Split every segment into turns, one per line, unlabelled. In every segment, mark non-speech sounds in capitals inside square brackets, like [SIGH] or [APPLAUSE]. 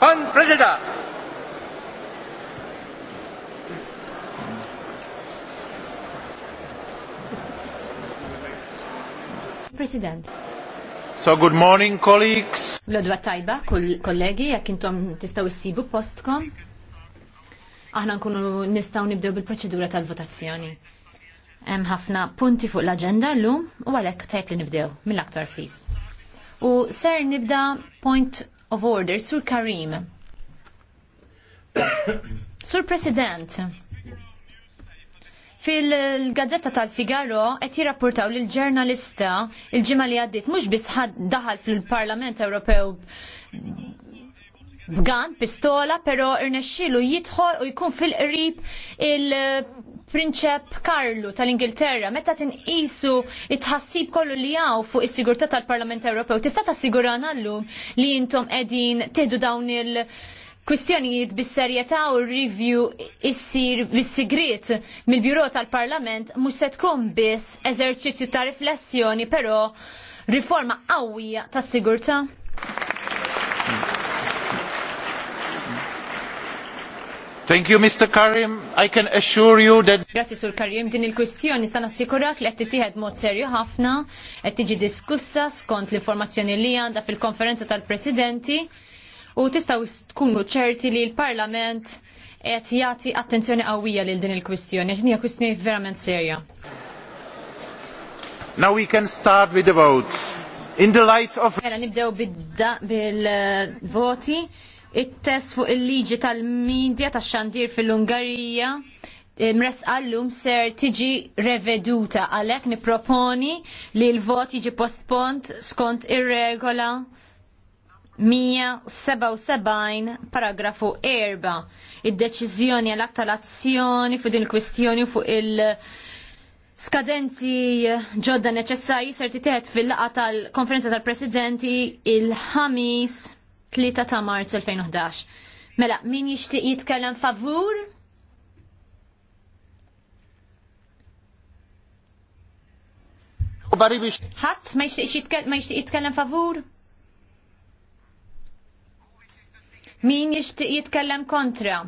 Pan President! President. So good morning colleagues.
L-odwa tajba, kollegi, jekk intom tistaw issibu postkom. Aħna nkunu nistaw nibdew bil-proċedura tal-votazzjoni. Hemm ħafna punti fuq l-aġenda llum u għalhekk tajb li nibdew mill-aktar fis. U ser nibda point of Order, Sur Karim. [COUGHS] Sur President, fil-gazzetta tal-Figaro qed jirrapportaw lil ġurnalista il-ġimgħa li għaddiet mhux biss daħal fil-Parlament Ewropew b'gan, pistola, però irnexxielu jidħol u jkun fil-qrib il- Prinċep Karlu tal-Ingilterra, meta tinqisu it-ħassib kollu li jaw fuq is-sigurtà tal-Parlament Ewropew, tista' tassigurana llum li intom qegħdin tieħdu dawn il- kwistjonijiet bis-serjetà u r review issir bis-sigriet mill-Biro tal-Parlament mhux se tkun biss eżerċizzju ta' riflessjoni, però riforma qawwija tas-sigurtà?
Thank you, Mr. Karim. I can assure you that...
Grazie, Sur Karim. Din il-kwistjoni sa' nassikurak li għetti tiħed mod serju ħafna, għetti ġi diskussa skont l-informazzjoni li għanda fil-konferenza tal-presidenti u tistaw tkunu ċerti li l-parlament qed jagħti attenzjoni qawwija lil din il-kwistjoni, għax għakwistjoni verament serja.
Now we can start with the votes. In the lights
of... Mela nibdew bil-voti it-test fuq il-liġi tal-medja tax-xandir fil-Ungarija mres għallum ser tiġi reveduta għalek niproponi li l-vot jiġi postpont skont ir-regola 177 paragrafu 4 id-deċizjoni għal aktar azzjoni fuq din il-kwistjoni fuq il- Skadenzi ġodda neċessarji ser titħet fil-laqa tal-konferenza tal-presidenti il-ħamis 3 ta' marzu 2011. Mela, min jishtiq jitkellem favur? Ħadd ma jixtieq jitkellem favur? Min jixtieq jitkellem kontra?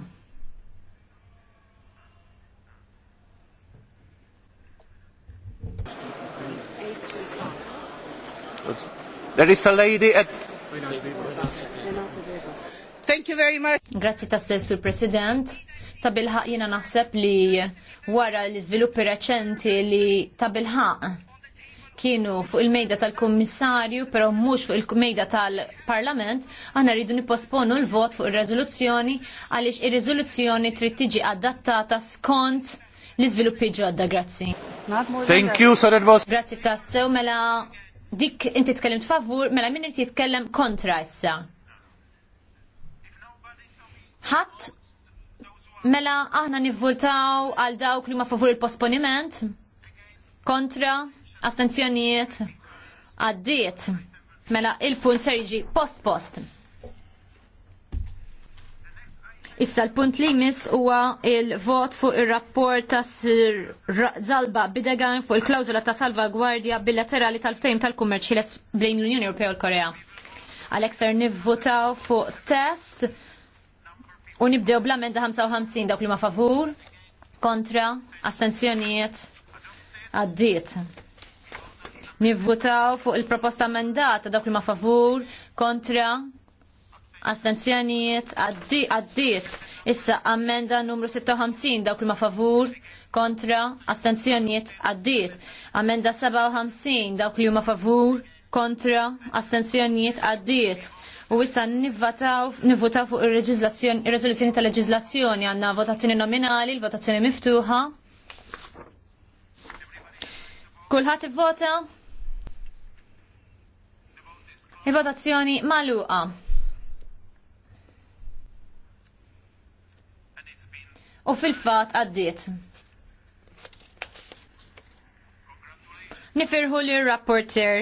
There is a lady at
Thank you very much. Grazzi tassew sur President. Ta' bilħaq naħseb li wara l iżviluppi reċenti li ta' bilħaq kienu fuq il-mejda tal-Kommissarju, pero mhux fuq il-mejda tal-Parlament, għana rridu nipposponu l-vot fuq il-rezoluzzjoni għaliex ir-riżoluzzjoni trid tiġi adattata skont l-iżviluppi ġodda, grazzi. Thank you, Sir Grazzi tassew mela dik inti tkellimt favur, mela min irid jitkellem kontra issa. Ħadd mela aħna nivvultaw għal dawk li ma favur il-posponiment kontra astenzjonijiet għaddiet mela il-punt ser jiġi post-post. Issa l-punt li jmiss huwa il-vot fuq ir-rapport ta' Sir Zalba Bidegan fuq il-klawżola ta' salvagwardja bilaterali tal ftajm tal-kummerċ bejn l-Unjoni Ewropea u l-Korea. Għalhekk ser nivvotaw fuq test u nibdew bl-amenda 55 dawk li ma favur, kontra, astenzjonijiet, għaddit. Nivvotaw fuq il-proposta amendata dawk li ma favur, kontra, astenzjonijiet għaddiet. Issa ammenda numru 56 dawk ma favur kontra astenzjonijiet għaddiet. Ammenda 57 dawk li huma favur kontra astenzjonijiet għaddiet. U issa nivvotaw fuq ir-reżoluzzjoni tal leġizlazzjoni għandna votazzjoni nominali, l-votazzjoni miftuħa. Kulħadd ivvota? Il-votazzjoni maluqa. u fil-fat għaddiet. Nifirħu li rapporter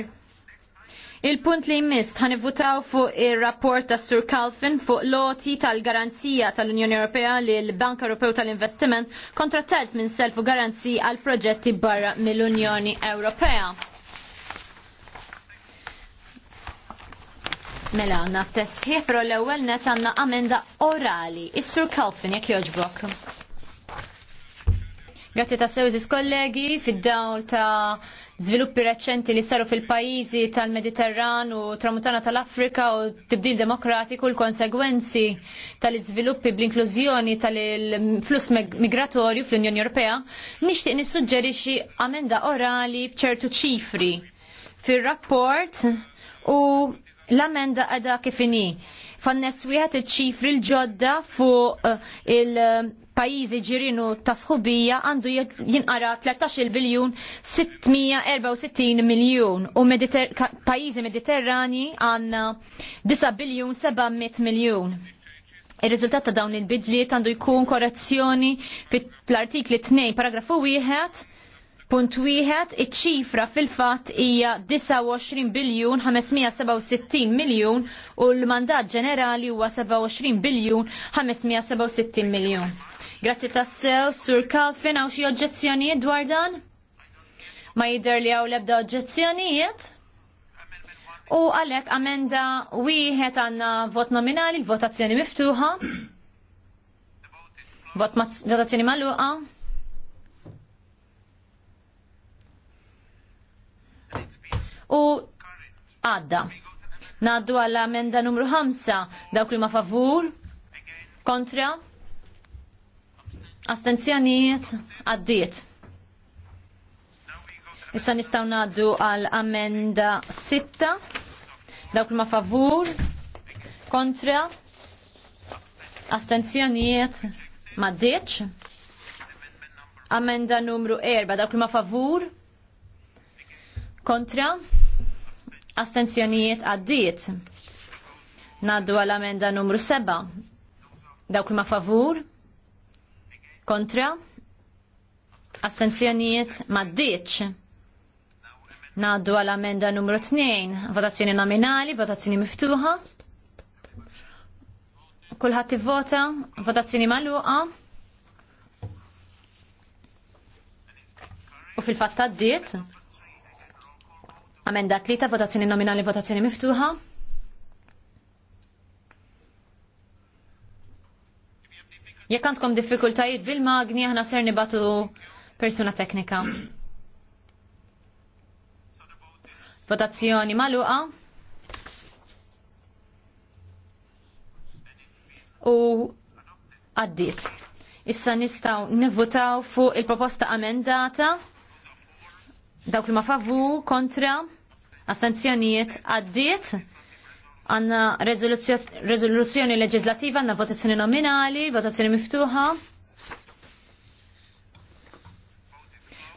Il-punt li jmist ħan votaw fuq ir-rapport ta' Sur Kalfin fuq loti tal-garanzija tal-Unjoni Ewropea li l-Bank Ewropew tal-Investiment kontra telf minn selfu garanzi għal proġetti barra mill-Unjoni Ewropea. Mela għanna t-tesħiħ, pero l-ewel net għanna amenda orali. Is-sur Kalfin, jek joġbok. Grazie ta' sewżis kollegi fid-dawl ta' zviluppi reċenti li saru fil-pajizi tal-Mediterran u tramutana tal-Afrika u tibdil demokratiku l-konsegwenzi tal-izviluppi bl-inklużjoni tal-flus migratorju fl-Unjoni Ewropea, nixtieq nissuġġerixi amenda orali bċertu ċifri fil-rapport u L-amenda għada kifini. Fannes wieħed iċ-ċifri l-ġodda fuq eh, il-pajizi ġirinu tasħubija għandu jinqara 13 biljun 664 miljun u pajizi mediterrani għanna 9 biljun 700 miljun. Il-rizultat ta' dawn il-bidliet għandu jkun korrezzjoni fl-artikli 2 paragrafu 1 Punt wieħed, iċ-ċifra fil-fatt hija 29 biljun 567 miljun u l-mandat ġenerali huwa 27 biljun 567 miljun. Grazzi tassew, Sur Kalfin, għaw xi oġġezzjonijiet dwar dan? Ma jidher li hawn l-ebda oġġezzjonijiet? U għalhekk amenda wieħed għandna vot nominali, votazzjoni miftuħa. Vot votazzjoni magħluqa. u għadda. Naddu għall amenda numru 5 dawk li ma favur kontra astenzjonijiet għaddiet. Issa nistaw naddu għal amenda 6 dawk li ma favur kontra astenzjonijiet ma ddiċ. Amenda numru 4 dawk li ma favur kontra astenzjonijiet għaddiet. Naddu għal amenda numru 7. Dawk ma favur? Kontra? Astenzjonijiet maddiċ. Naddu għal amenda numru 2. Votazzjoni nominali, votazzjoni miftuħa. Kulħadd ivvota, votazzjoni magħluqa. U fil-fatt għaddiet. Amenda tlita votazzjoni nominali, votazzjoni miftuħa. Jekk għandkom diffikultajiet bil-magni, aħna ser nibatu persuna teknika. Votazzjoni maluqa. U għaddit. Issa nistaw nivvotaw fuq il-proposta amendata. Dawk li ma favu kontra astenzjonijiet għaddiet għanna rezoluzzjoni leġislativa, għanna votazzjoni nominali, votazzjoni miftuħa,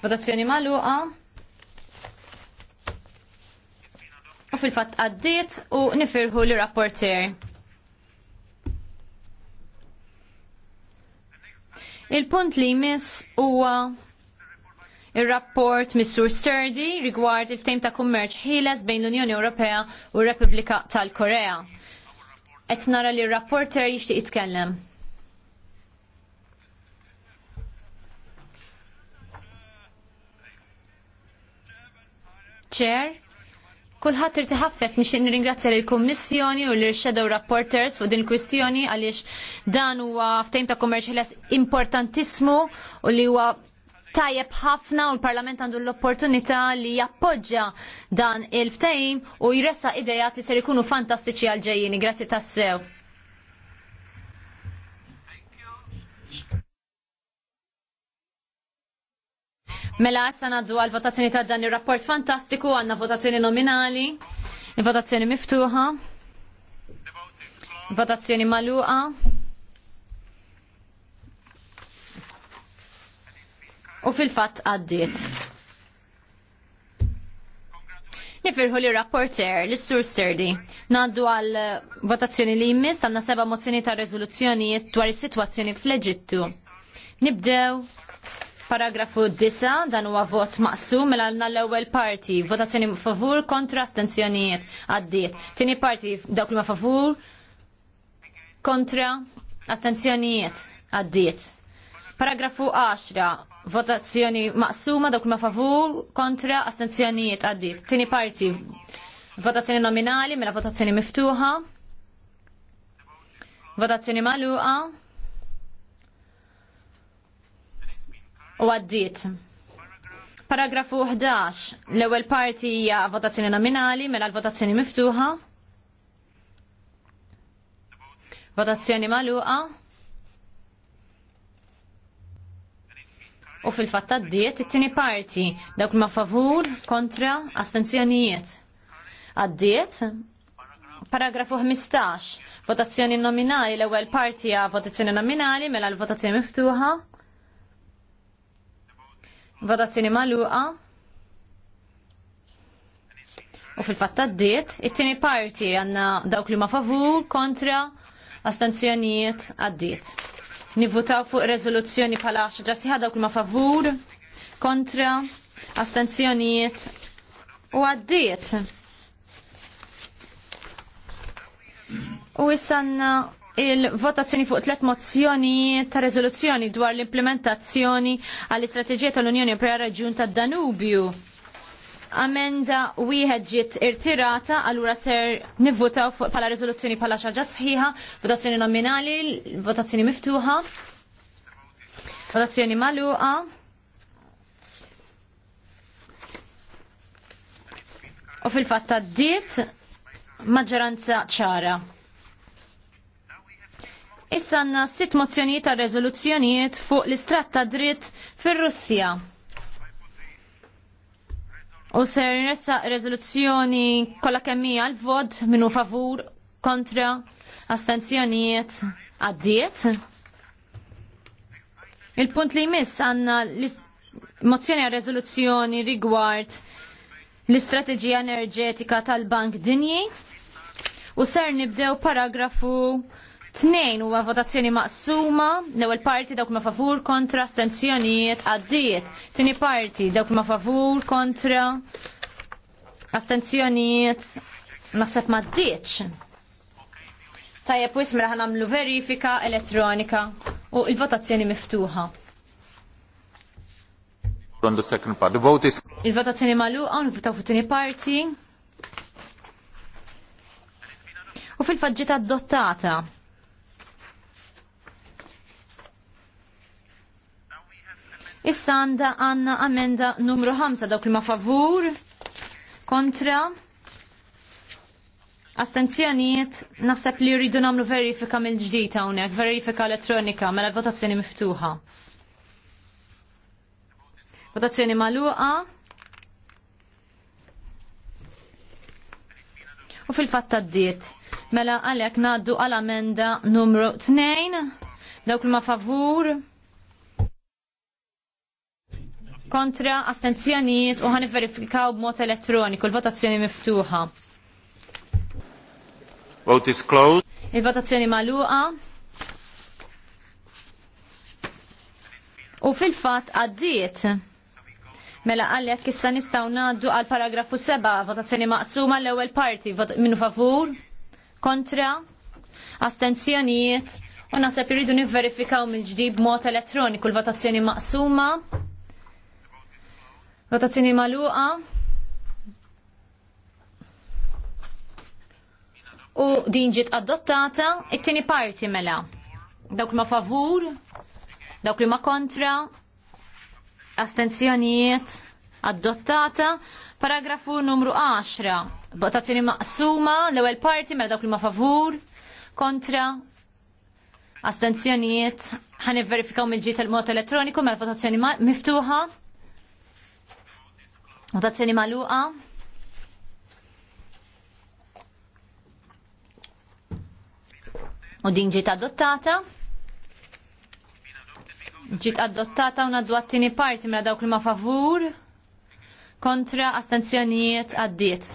votazzjoni maluqa. U fil fat għaddiet u nifirħu li rapporter. Il-punt li jmiss huwa ir-rapport Missur Sturdy rigward il-ftejm ta' kummerċ ħieles bejn l-Unjoni Ewropea u r-Repubblika tal-Korea. Qed nara li r-rapporter jixtieq jitkellem. Chair, Kulħadd irti ħaffef nixtieq nirringrazzja lill-Kummissjoni u l-Shadow Rapporters fuq din il-kwistjoni għaliex dan huwa ftehim ta' kummerċ ħieles importantissimu u li huwa tajjeb ħafna u l-Parlament għandu l-opportunità li jappoġġa dan il-ftejm u jressa idejat li ser ikunu fantastiċi għal-ġejjini. Grazzi tassew. Mela għassa għaddu għal-votazzjoni ta' dan il-rapport fantastiku, għanna votazzjoni nominali, votazzjoni miftuħa, votazzjoni maluqa. u fil-fatt għaddiet. Nifirħu li rapporter l sur Sturdy naddu għal votazzjoni li jmiss tanna seba mozzjoni ta' rezoluzzjoni dwar is-sitwazzjoni fl-Eġittu. Nibdew paragrafu 9 dan huwa vot maqsum mela l-ewwel parti votazzjoni favur kontra astensjonijiet għaddiet. Tieni parti dawk li ma favur kontra astensjonijiet għaddiet. Paragrafu 10. Votazzjoni maqsuma dawk ma favur kontra astenzjonijiet għaddit. Tini parti. Votazzjoni nominali mela votazzjoni miftuħa. Votazzjoni maluqa. U għaddit. Paragrafu 11. L-ewwel parti hija votazzjoni nominali mela l-votazzjoni miftuħa. Votazzjoni maluqa. u fil-fatta d-diet it-tini parti dawk ma favur kontra astenzjonijiet. Għaddiet paragrafu 15 votazzjoni nominali l ewwel parti għa votazzjoni nominali mela l-votazzjoni miftuħa votazzjoni maluqa u fil-fatta d-diet it-tini parti għanna dawk li ma favur kontra astenzjonijiet għaddiet nivvutaw fuq rezoluzzjoni bħala ġa siħa dawk ma favur, kontra, astenzjoniet u għaddiet. U jissanna il-votazzjoni fuq tlet mozzjoni ta' rezoluzzjoni dwar l-implementazzjoni għall-istrateġija tal-Unjoni Europea Reġjun tad-Danubju. Amenda wieħed ġiet irtirata, allura ser nivvotaw pala rezoluzzjoni pala xaġa sħiħa, votazzjoni nominali, votazzjoni miftuħa, votazzjoni maluqa. U fil-fatta d-diet maġġoranza ċara. Issa għanna sitt mozzjonijiet ta' rezoluzzjonijiet fuq l-istrat dritt fir russija U ser nressa rezoluzzjoni kolla kemmija l-vod minu favur kontra astenzjonijiet għaddiet. Il-punt li jmiss għanna mozzjoni għal rezoluzzjoni rigward l-istrateġija enerġetika tal-Bank Dinji u ser nibdew paragrafu Tnejn huwa votazzjoni maqsuma, l-ewwel parti dawk ma' favur kontra astenzjonijiet għaddiet. Tieni parti dawk ma' favur kontra astenzjonijiet naħseb ma' ddietx. Tajjeb wis mela ħanamlu verifika elettronika u il-votazzjoni miftuħa.
On the second part, the vote is...
Il-votazzjoni magħluqa u nvotaw fuq parti. U fil-faġġita adottata. Issa għanda għanna amenda numru 5 dawk li ma favur, kontra, astenzjonijiet naħseb li rridu namlu verifika mill-ġdid hawnhekk, verifika elettronika mela votazzjoni miftuħa. Votazzjoni magħluqa. U fil-fatt tad-diet. Mela għalhekk ngħaddu għal amenda numru 2 dawk li ma favur, kontra astenzjonijiet u ħan verifikaw b'mod elettroniku l-votazzjoni miftuħa.
Vote is closed.
Il-votazzjoni maluqa. U fil-fat għaddiet. Mela għak issa nistaw naddu għal paragrafu 7, votazzjoni maqsuma l ewwel parti, minnu favur, kontra, astenzjonijiet, u nasab irridu niverifikaw mill-ġdib mod elettroniku l-votazzjoni maqsuma. Votazzjoni maluqa. U din ġiet adottata it-tieni parti mela. Dawk ma favur, dawk li ma kontra, astenzjonijiet adottata. Paragrafu numru 10. Votazzjoni maqsuma, l-ewwel parti mela dawk li ma favur, kontra, astenzjonijiet. Ħanivverifikaw mill-ġiet il-mod elettroniku mela votazzjoni miftuħa. Votazzjoni maluqa. U din ġiet adottata. Ġiet adottata u naddu għattini parti mela dawk li ma favur kontra astenzjonijiet għaddiet.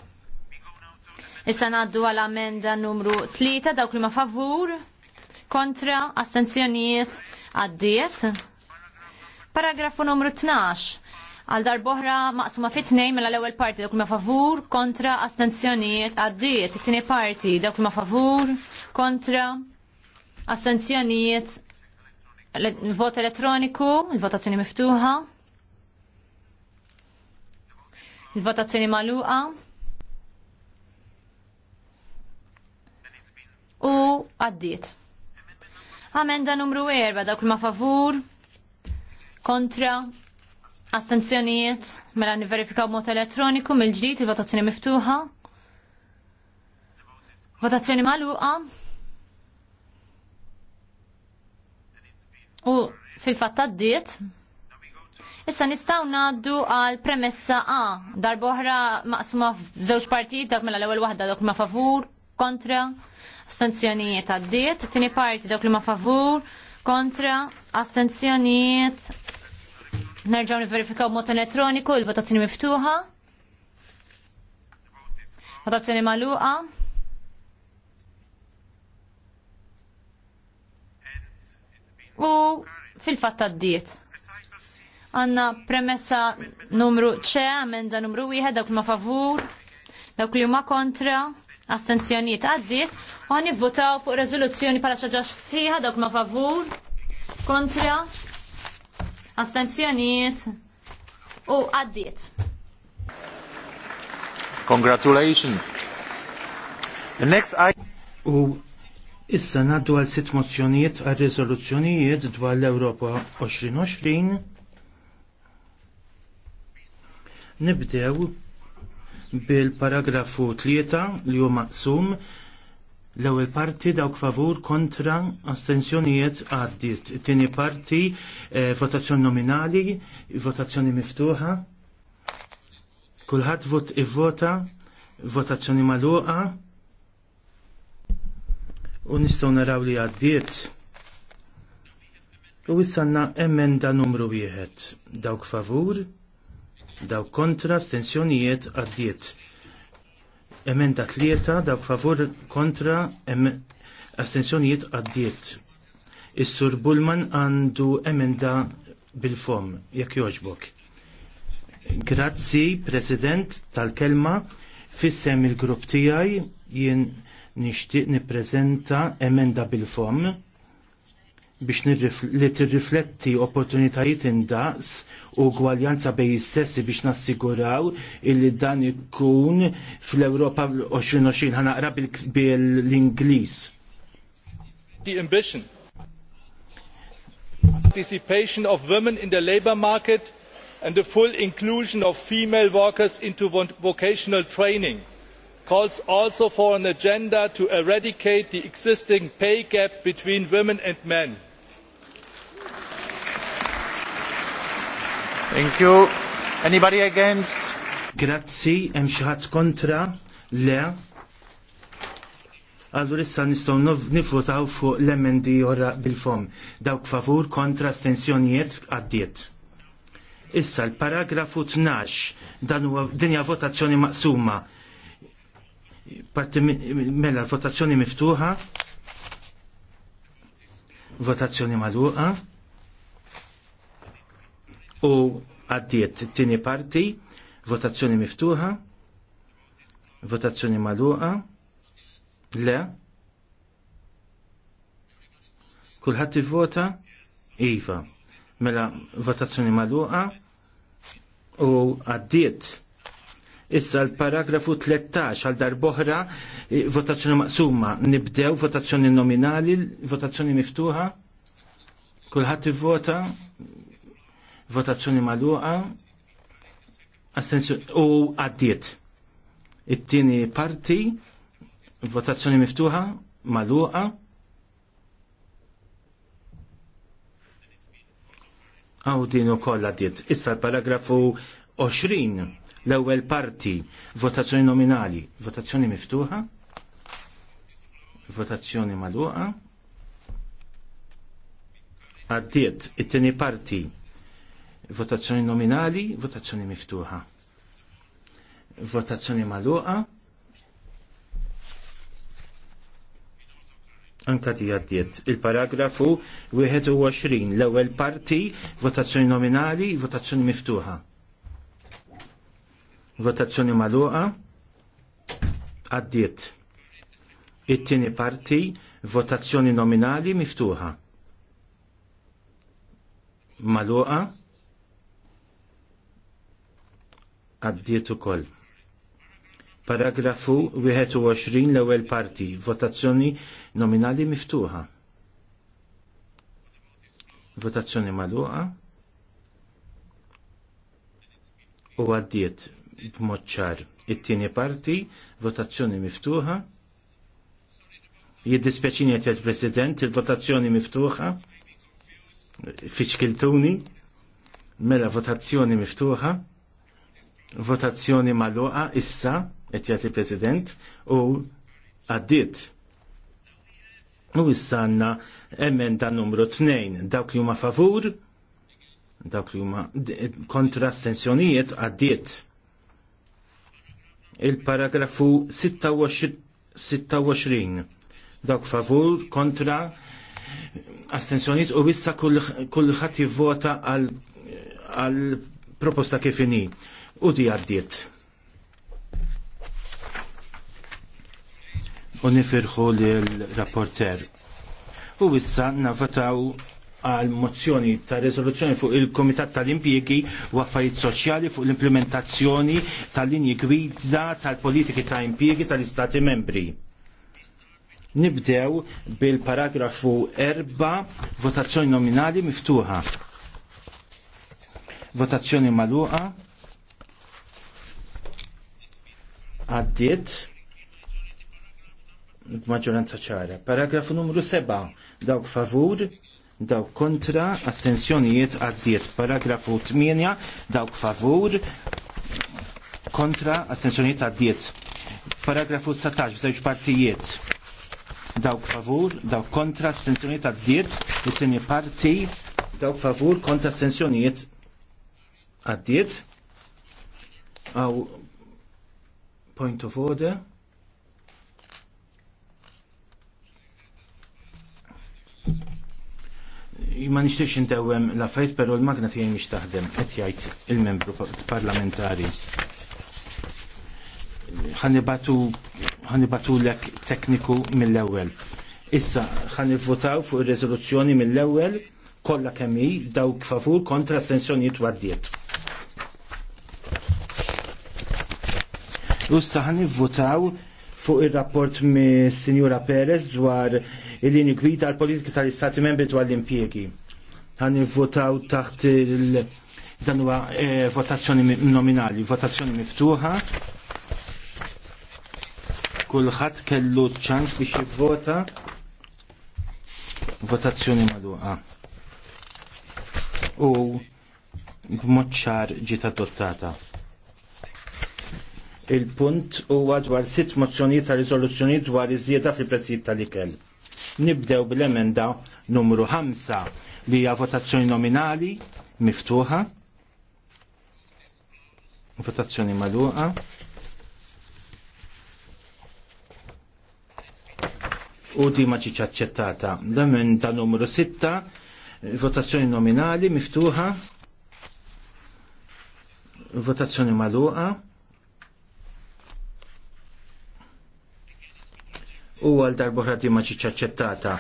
Issa naddu għal amenda numru 3 dawk li ma favur kontra astenzjonijiet għaddiet. Paragrafu numru 12 għal darboħra maqsuma fitnej mela l-ewwel parti dawk ma favur kontra astenzjonijiet għaddiet. it tini parti dawk ma favur kontra il vot elettroniku, il-votazzjoni miftuħa. Il-votazzjoni magħluqa. U għaddiet. Amenda numru 4 dawk ma favur kontra Astenzjonijiet, mela niverifikaw mod elettroniku mill-ġdid il-votazzjoni miftuħa. Votazzjoni magħluqa. U fil-fatt għaddiet. Issa nistgħu ngħaddu għal premessa A, darboħra maqsuma f'żewġ partijiet dak mela l-ewwel waħda dak ma' favur, kontra, astenzjonijiet għaddiet, tieni parti dak li ma' favur, kontra, astenzjonijiet Nerġaw niverifikaw mod elettroniku il-votazzjoni miftuħa. Votazzjoni magħluqa. U fil-fatt għaddiet. Għanna premessa numru ċe, amenda numru wieħed dawk ma favur, dawk li huma kontra, astenzjonijiet għaddiet, u għan votaw fuq rezoluzzjoni pala ċaġa sħiħa dawk ma favur, kontra, astenzjoniet u għaddiet.
Congratulations. The next I U issa naddu għal sitt mozzjonijiet għal riżoluzzjonijiet dwar l-Ewropa 2020. Nibdew bil-paragrafu 3 li huma maqsum L-ewwel parti dawk favur kontra astensjonijiet għaddiet. It-tieni parti eh, votazzjoni nominali, votazzjoni miftuħa. Kulħadd vot ivvota, votazzjoni magħluqa. U nistgħu naraw li għaddiet. U wissanna emenda numru wieħed. Dawk favur, dawk kontra astensjonijiet għaddiet Emenda tlieta dak favur kontra astensjonijiet għaddiet. Is-Sur Bullman għandu emenda bil-fom, jekk joġbok. Grazzi, President, tal-kelma, fissem il-grupp tijaj, jien nishtiq niprezenta emenda bil-fom biex li tirrifletti opportunitajiet indaqs u gwaljanza bej sessi biex nassiguraw illi dan ikun fl-Europa 2020 ħanaqra bil-Inglis. The ambition participation of women in the labour market and the full inclusion of female workers into vocational training calls also for an agenda to eradicate the existing pay gap between women and men. Thank you. Anybody against? Grazzi, hemm xi ħadd kontra? Le. Allura issa nistgħu nifvotaw fuq l-emendi ora bil-fom. Dawk favur kontra stensjonijiet għaddiet. Issa l-paragrafu 12 dan huwa dinja votazzjoni maqsuma. Parti mela votazzjoni miftuħa, votazzjoni magħluqa u għaddiet tini parti, votazzjoni miftuħa, votazzjoni maluqa, le, kullħat vota iva, mela votazzjoni maluqa u għaddiet. Issa l-paragrafu 13 għal darboħra votazzjoni maqsuma, nibdew votazzjoni nominali, votazzjoni miftuħa, kullħat vota votazzjoni maluqa, astenzjoni u għaddiet. It-tieni parti, votazzjoni miftuħa, maluqa, għaw din u kolla Issa l-paragrafu 20, l-ewel parti, votazzjoni nominali, votazzjoni miftuħa, votazzjoni maluqa, għaddiet, it-tini parti, Votazzjoni nominali, votazzjoni miftuħa. Votazzjoni maluqa. Anka ti għaddiet. Il-paragrafu 21, l-ewwel parti, votazzjoni nominali, votazzjoni miftuħa. Votazzjoni maluqa. Għaddiet. It-tieni parti, votazzjoni nominali miftuħa. Maluqa. għaddiet ukoll. Paragrafu 21 l-ewwel parti, votazzjoni nominali miftuħa. Votazzjoni magħluqa u għaddiet b'mod ċar. It-tieni parti, votazzjoni miftuħa. Jiddispjaċini qed President, il-votazzjoni miftuħa. Fiċkiltuni. Mela votazzjoni miftuħa. Votazzjoni maluqa issa, qed jagħti President, u għaddiet. U issa għandna emenda numru 2, dawk li huma favur, dawk li huma kontra stensjonijiet għaddiet. Il-paragrafu 26, dawk favur kontra astensjoniet u issa kull ħadd jivvota għal proposta kif inhi u di għaddiet. U nifirħu l-rapporter. U issa nafataw għal mozzjoni ta' rezoluzzjoni fuq il-Komitat tal-Impjegi u affarijiet soċjali fuq l-implementazzjoni tal-linji gwida tal-politiki ta' impjegi tal-Istati membri. Nibdew bil-paragrafu 4, votazzjoni nominali miftuħa. Votazzjoni maluqa. għaddiet maġġoranza ċara. Paragrafu numru 7, dawk favur, dawk kontra, astensjonijiet għaddiet. Paragrafu 8, dawk favur, kontra, astensjonijiet għaddiet. Paragrafu 17, żewġ partijiet. Dawk favur, dawk kontra, astensjonijiet għaddiet. It-tieni parti, dawk favur, kontra, astensjonijiet għaddiet. Għaw Point of order. ma nixtiex intewem l-affarijiet però l-magna tijaj mix taħdem qed jgħid il-membru parlamentari. l-ek tekniku mill-ewwel. Issa ħanivvotaw fuq ir-riżoluzzjoni mill-ewwel kollha kemm hi dawk favur kontra astensjonijiet wardiet. U saħan votaw fuq il-rapport mi Sinjura Perez dwar il-lini gwita għal-politika tal-Istati membri dwar l-impiegi. Għan votaw taħt il- dan huwa eh, votazzjoni nominali, votazzjoni miftuħa. Kulħadd kellu ċans biex jivvota. Votazzjoni magħluqa. U b'mod ġiet adottata il-punt huwa dwar sitt mozzjoni ta' riżoluzzjoni dwar iż-żieda fil-prezzijiet tal-ikel. Nibdew bil-emenda numru 5 li hija votazzjoni nominali miftuħa. Votazzjoni magħluqa. U di ma ċiċa aċċettata. L-emenda numru 6 votazzjoni nominali miftuħa. Votazzjoni magħluqa. u għal darbohra ma ċiċ aċċettata.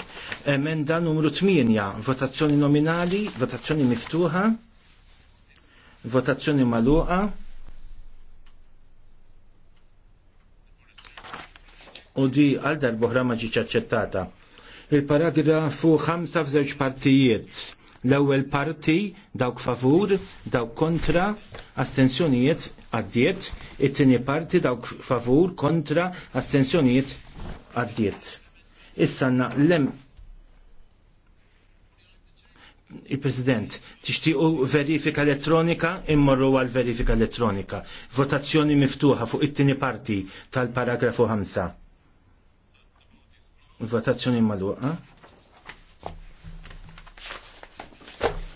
Emenda numru 8, votazzjoni nominali, votazzjoni miftuħa, votazzjoni maluqa. U di għal darbohra ma ċiċ aċċettata. Il-paragrafu 5 f'żewġ partijiet l-ewwel parti dawk favur, dawk kontra, astensjonijiet għaddiet, it-tieni parti dawk favur, kontra, astensjonijiet għaddiet. Issa lem il-President, tixtiqu verifika elettronika, immorru għal verifika elettronika. Votazzjoni miftuħa fuq it-tini parti tal-paragrafu 5. Votazzjoni maluqa.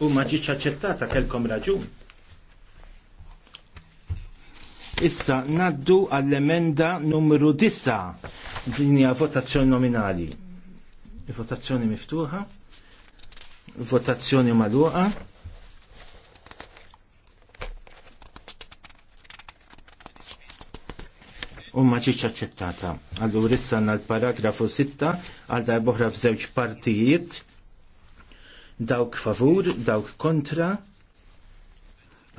U maġiċ aċċettata kelkom raġun. Issa naddu għall-emenda numru 9. Din hija votazzjoni nominali. Votazzjoni miftuħa. Votazzjoni magħluqa. u ma ċiċ aċċettata. Allura issa għal paragrafu 6 għal darbohra f'żewġ partijiet dawk favur, dawk kontra,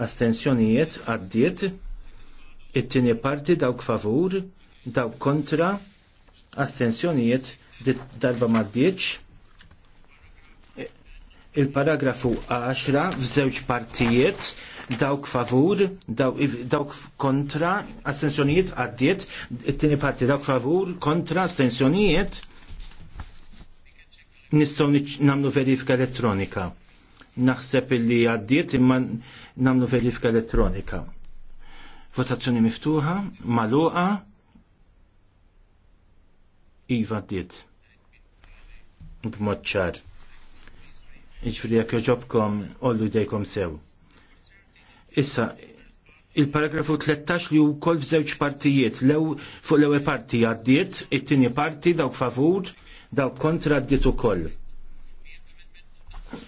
astensjonijiet għaddiet. It-tieni parti dawk favur, dawk kontra, astensjonijiet darba maddieċ. Il-paragrafu 10 f'żewġ partijiet dawk favur, dawk, dawk kontra, astensjonijiet għaddiet, it-tieni parti dawk favur, kontra, astensjonijiet nistaw namlu verifika elettronika. Naħseb illi għaddiet imma namlu verifika elettronika. Votazzjoni miftuħa, maluqa, iva ddiet. B'mod ċar. Iġifri jekk joġobkom ollu jdejkom sew. Issa, il-paragrafu 13 li wkoll f'żewġ partijiet, lew fuq l-ewwel parti għaddiet, it-tieni parti dawk favur, dawk kontra għaddiet ukoll.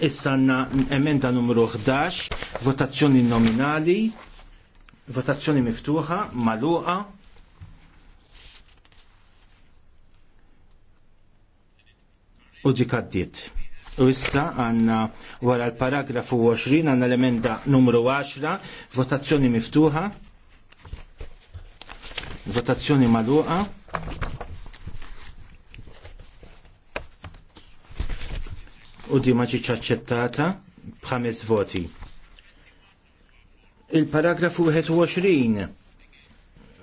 Issa għandna emenda numru 11, votazzjoni nominali, Votazzjoni miftuħa, maluqa. U ġikaddiet. U issa għanna wara l-paragrafu 20 għanna l-emenda numru 10, votazzjoni miftuħa, votazzjoni maluqa. U di maġiċ aċċettata b'ħames voti. Il-paragrafu 21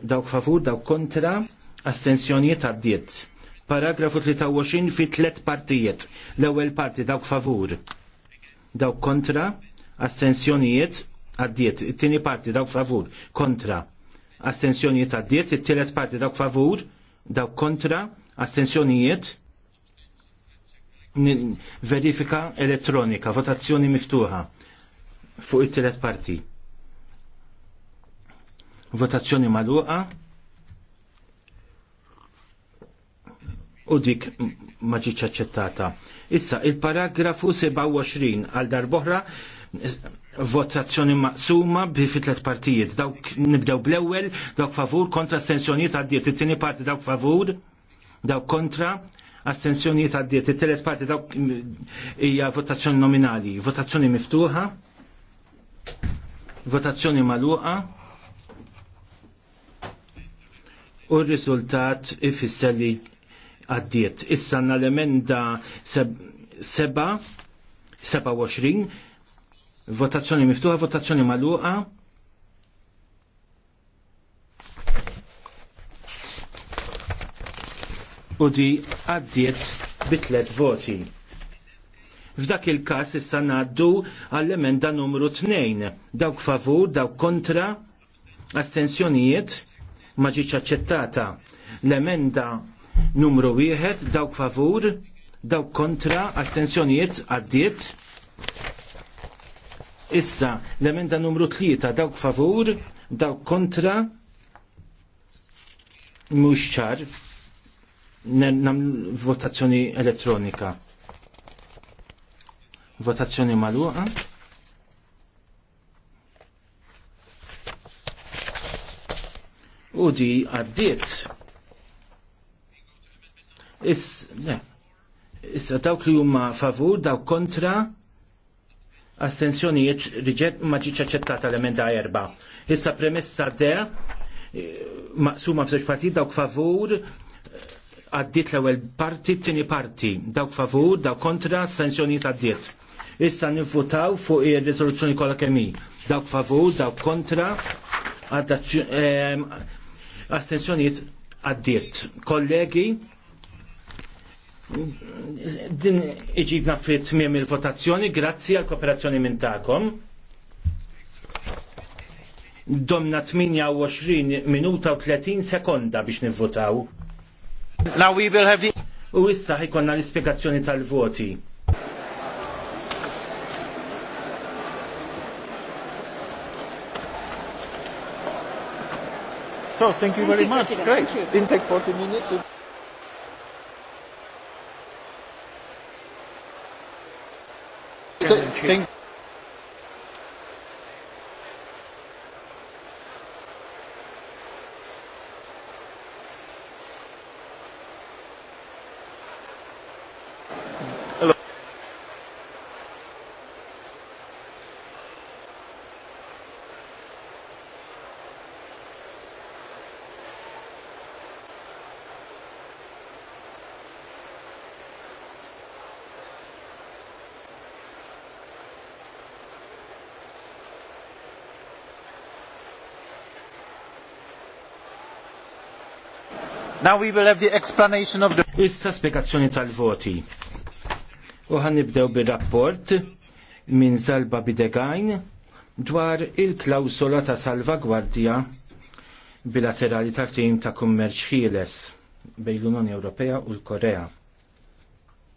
dawk favur, dawk kontra, astensjonijiet diet. Paragrafu 23 fi tlet partijiet. L-ewwel parti dawk favur, dawk kontra, astensjonijiet għaddiet. It-tieni parti dawk favur, kontra, astensjonijiet għaddiet. It-tielet parti dawk favur, dawk kontra, astensjonijiet verifika elettronika, votazzjoni miftuħa fuq it-tielet parti. Votazzjoni maluqa. U dik ma ġietx aċċettata. Issa, il-paragrafu 27 għal darboħra votazzjoni maqsuma bi fitlet partijiet. Dawk nibdew bl-ewwel, dawk favur, kontra astensjonijiet għaddiet, it-tieni parti dawk favur, dawk kontra, astensjonijiet għaddiet, it telet parti dawk mm, hija votazzjoni nominali, votazzjoni miftuħa, votazzjoni magħluqa. u r-riżultat ifisser li għaddiet. Issa l-emenda 27, votazzjoni miftuħa, votazzjoni magħluqa. U di għaddiet bitlet voti. F'dak il-kas issa ngħaddu għall-emenda numru 2. Dawk favur, dawk kontra, astensjonijiet ma ġiċ aċċettata. L-emenda numru wieħed dawk favur, dawk kontra, astensjonijiet għaddiet. Issa, l-emenda numru tlieta dawk favur, dawk kontra, mhux ċar, nam votazzjoni elettronika. Votazzjoni magħluqa. u di għaddiet. Issa is dawk li huma favur, dawk kontra, astensjonijiet riġet ma ġiċ aċċettata l-emenda erba. Issa premessa de eh, maqsuma f'żewġ parti, dawk favur għaddiet l-ewwel parti, t tini parti, dawk favur, dawk kontra, astensjonijiet għaddiet. Issa nivvutaw fuq ir-riżoluzzjoni kollha kemm dawk favur, dawk kontra, eh, astenzjoniet għaddiet. Kollegi, din iġibna fit miem il-votazzjoni, grazzi għal kooperazzjoni minn ta'kom. Domna 28 minuta u 30 sekonda biex nivvotaw. Now we will have the... U issa ħikonna l-ispiegazzjoni tal-voti. So, thank you very much. Great. Didn't take 40 minutes.
Thank you.
Now we will have the explanation of the... Issa spiegazzjoni tal-voti. U nibdew bir-rapport minn Zalba Bidegajn dwar il-klawsola ta' salvagwardja bilaterali tal-tim ta' kummerċ ħieles bejn l-Unjoni Ewropea u l-Korea.